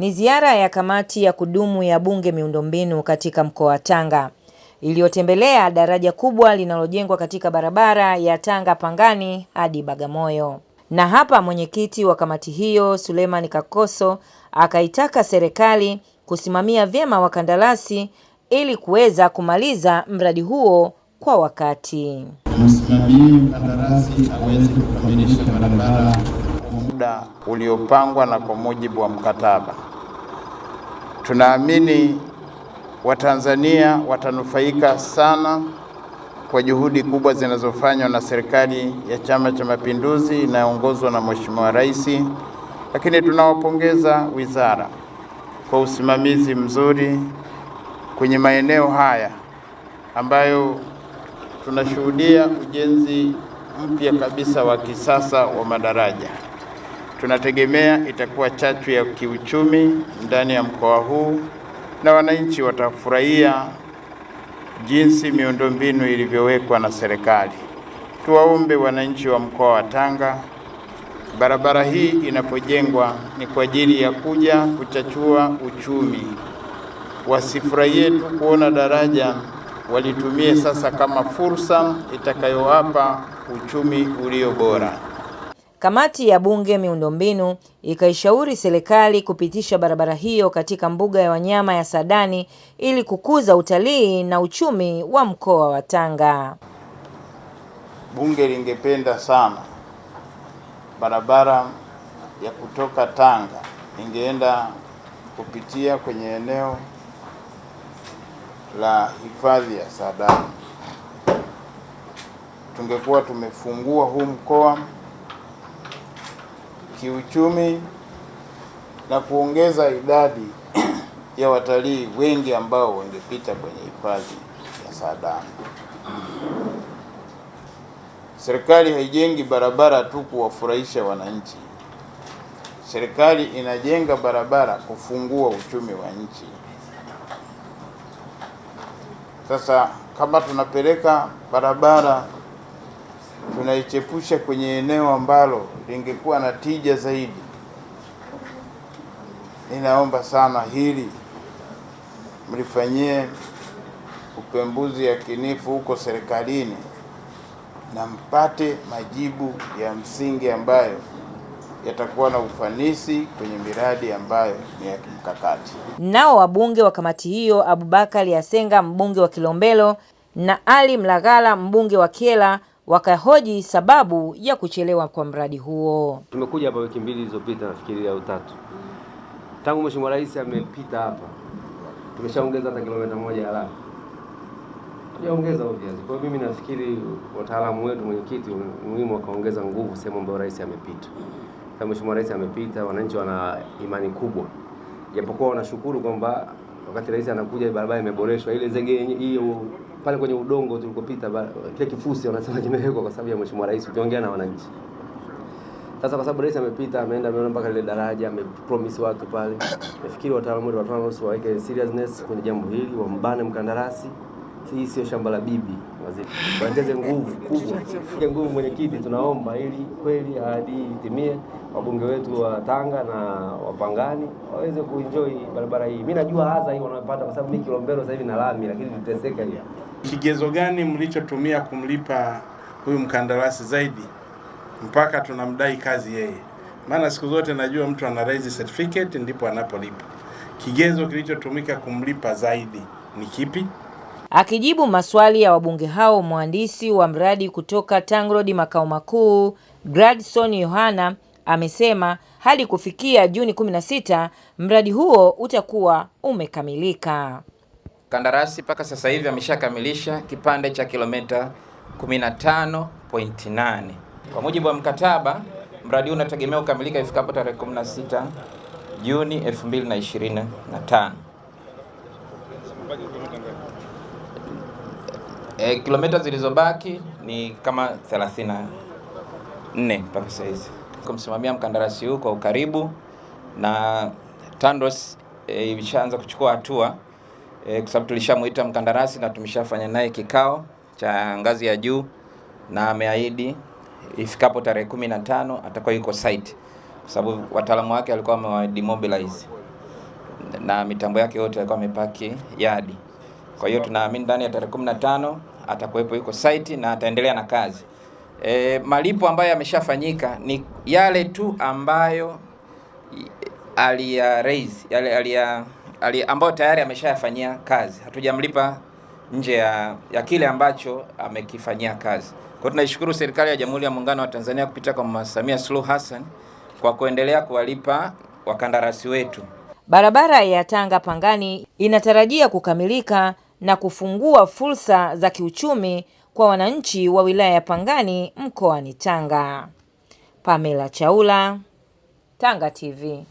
Ni ziara ya kamati ya kudumu ya Bunge miundombinu katika mkoa wa Tanga iliyotembelea daraja kubwa linalojengwa katika barabara ya Tanga Pangani hadi Bagamoyo. Na hapa mwenyekiti wa kamati hiyo Suleiman Kakoso akaitaka serikali kusimamia vyema wakandarasi ili kuweza kumaliza mradi huo kwa wakati. Msimamie mkandarasi aweze kukamilisha barabara muda uliopangwa na kwa mujibu wa mkataba. Tunaamini Watanzania watanufaika sana kwa juhudi kubwa zinazofanywa na serikali ya Chama cha Mapinduzi inayoongozwa na Mheshimiwa Rais, lakini tunawapongeza wizara kwa usimamizi mzuri kwenye maeneo haya ambayo tunashuhudia ujenzi mpya kabisa wa kisasa wa madaraja tunategemea itakuwa chachu ya kiuchumi ndani ya mkoa huu na wananchi watafurahia jinsi miundombinu ilivyowekwa na serikali. Tuwaombe wananchi wa mkoa wa Tanga, barabara hii inapojengwa ni kwa ajili ya kuja kuchachua uchumi. Wasifurahie tu kuona daraja, walitumie sasa kama fursa itakayowapa uchumi ulio bora. Kamati ya Bunge miundombinu ikaishauri serikali kupitisha barabara hiyo katika mbuga ya wanyama ya Saadani ili kukuza utalii na uchumi wa mkoa wa Tanga. Bunge lingependa sana barabara ya kutoka Tanga ingeenda kupitia kwenye eneo la hifadhi ya Saadani, tungekuwa tumefungua huu mkoa kiuchumi na kuongeza idadi ya watalii wengi ambao wangepita kwenye hifadhi ya Saadani. Serikali haijengi barabara tu kuwafurahisha wananchi. Serikali inajenga barabara kufungua uchumi wa nchi. Sasa kama tunapeleka barabara tunaichepusha kwenye eneo ambalo lingekuwa na tija zaidi. Ninaomba sana hili mlifanyie upembuzi yakinifu huko serikalini na mpate majibu ya msingi ambayo yatakuwa na ufanisi kwenye miradi ambayo ni ya kimkakati. Nao wabunge wa kamati hiyo Abubakari Asenga, mbunge wa Kilombero na Ali Mlagala, mbunge wa Kyela wakahoji sababu ya kuchelewa kwa mradi huo. Tumekuja hapa wiki mbili zilizopita, nafikiri au tatu, tangu Mheshimiwa Rais amepita hapa, tumeshaongeza hata kilomita moja ya lami tujaongeza obviously. Kwa hiyo mimi nafikiri wataalamu wetu, mwenyekiti, muhimu wakaongeza nguvu sehemu ambayo rais amepita. Kama Mheshimiwa Rais amepita, wananchi wana imani kubwa, japokuwa wanashukuru kwamba wakati rais anakuja barabara imeboreshwa ile zege hiyo pale kwenye udongo tulikopita, kile kifusi wanasema kimewekwa kwa sababu ya mheshimiwa rais, ukiongea na wananchi. Sasa kwa sababu rais amepita, ameenda, ameona mpaka lile daraja, amepromise watu pale. Nafikiri wataalamu wataalamu waweke seriousness kwenye jambo hili, wambane mkandarasi hii sio shamba la bibi wazee, waongeze nguvu kubwa, nguvu mwenyekiti, tunaomba ili kweli ahadi itimie, wabunge wetu wa Tanga na wapangani waweze kuenjoy barabara hii. Mimi najua adha hii wanayopata, kwa sababu mimi Kilombero sasa hivi na lami, lakini tuteseka hiyo. Kigezo gani mlichotumia kumlipa huyu mkandarasi zaidi mpaka tunamdai kazi yeye? Maana siku zote najua mtu ana raise certificate ndipo anapolipa. Kigezo kilichotumika kumlipa zaidi ni kipi? Akijibu maswali ya wabunge hao, mhandisi wa mradi kutoka TANROADS makao makuu Gladson Yohana amesema hadi kufikia Juni 16 mradi huo utakuwa umekamilika. Kandarasi mpaka sasa hivi ameshakamilisha kipande cha kilomita 15.8. Kwa mujibu wa mkataba, mradi huu unategemea kukamilika ifikapo tarehe 16 Juni 2025. E, eh, kilomita zilizobaki ni kama 34 mpaka sasa hizi. Kumsimamia mkandarasi huu kwa ukaribu na TANROADS e, eh, kuchukua hatua e, kwa sababu tulishamuita mkandarasi na tumeshafanya naye kikao cha ngazi ya juu na ameahidi ifikapo tarehe kumi na tano atakuwa yuko site kwa sababu wataalamu wake walikuwa wamewademobilize na mitambo yake yote alikuwa amepaki yadi. Kwa hiyo tunaamini ndani ya tarehe kumi na tano atakuwepo yuko site na ataendelea na kazi. E, malipo ambayo yameshafanyika ni yale tu ambayo aliya raise yale aliya ali, ambayo tayari ameshayafanyia kazi. Hatujamlipa nje ya, ya kile ambacho amekifanyia kazi. Kwa tunaishukuru serikali ya Jamhuri ya Muungano wa Tanzania kupitia kwa Mama Samia Suluhu Hassan kwa kuendelea kuwalipa wakandarasi wetu. Barabara ya Tanga Pangani inatarajia kukamilika na kufungua fursa za kiuchumi kwa wananchi wa wilaya ya Pangani mkoani Tanga. Pamela Chaula, Tanga TV.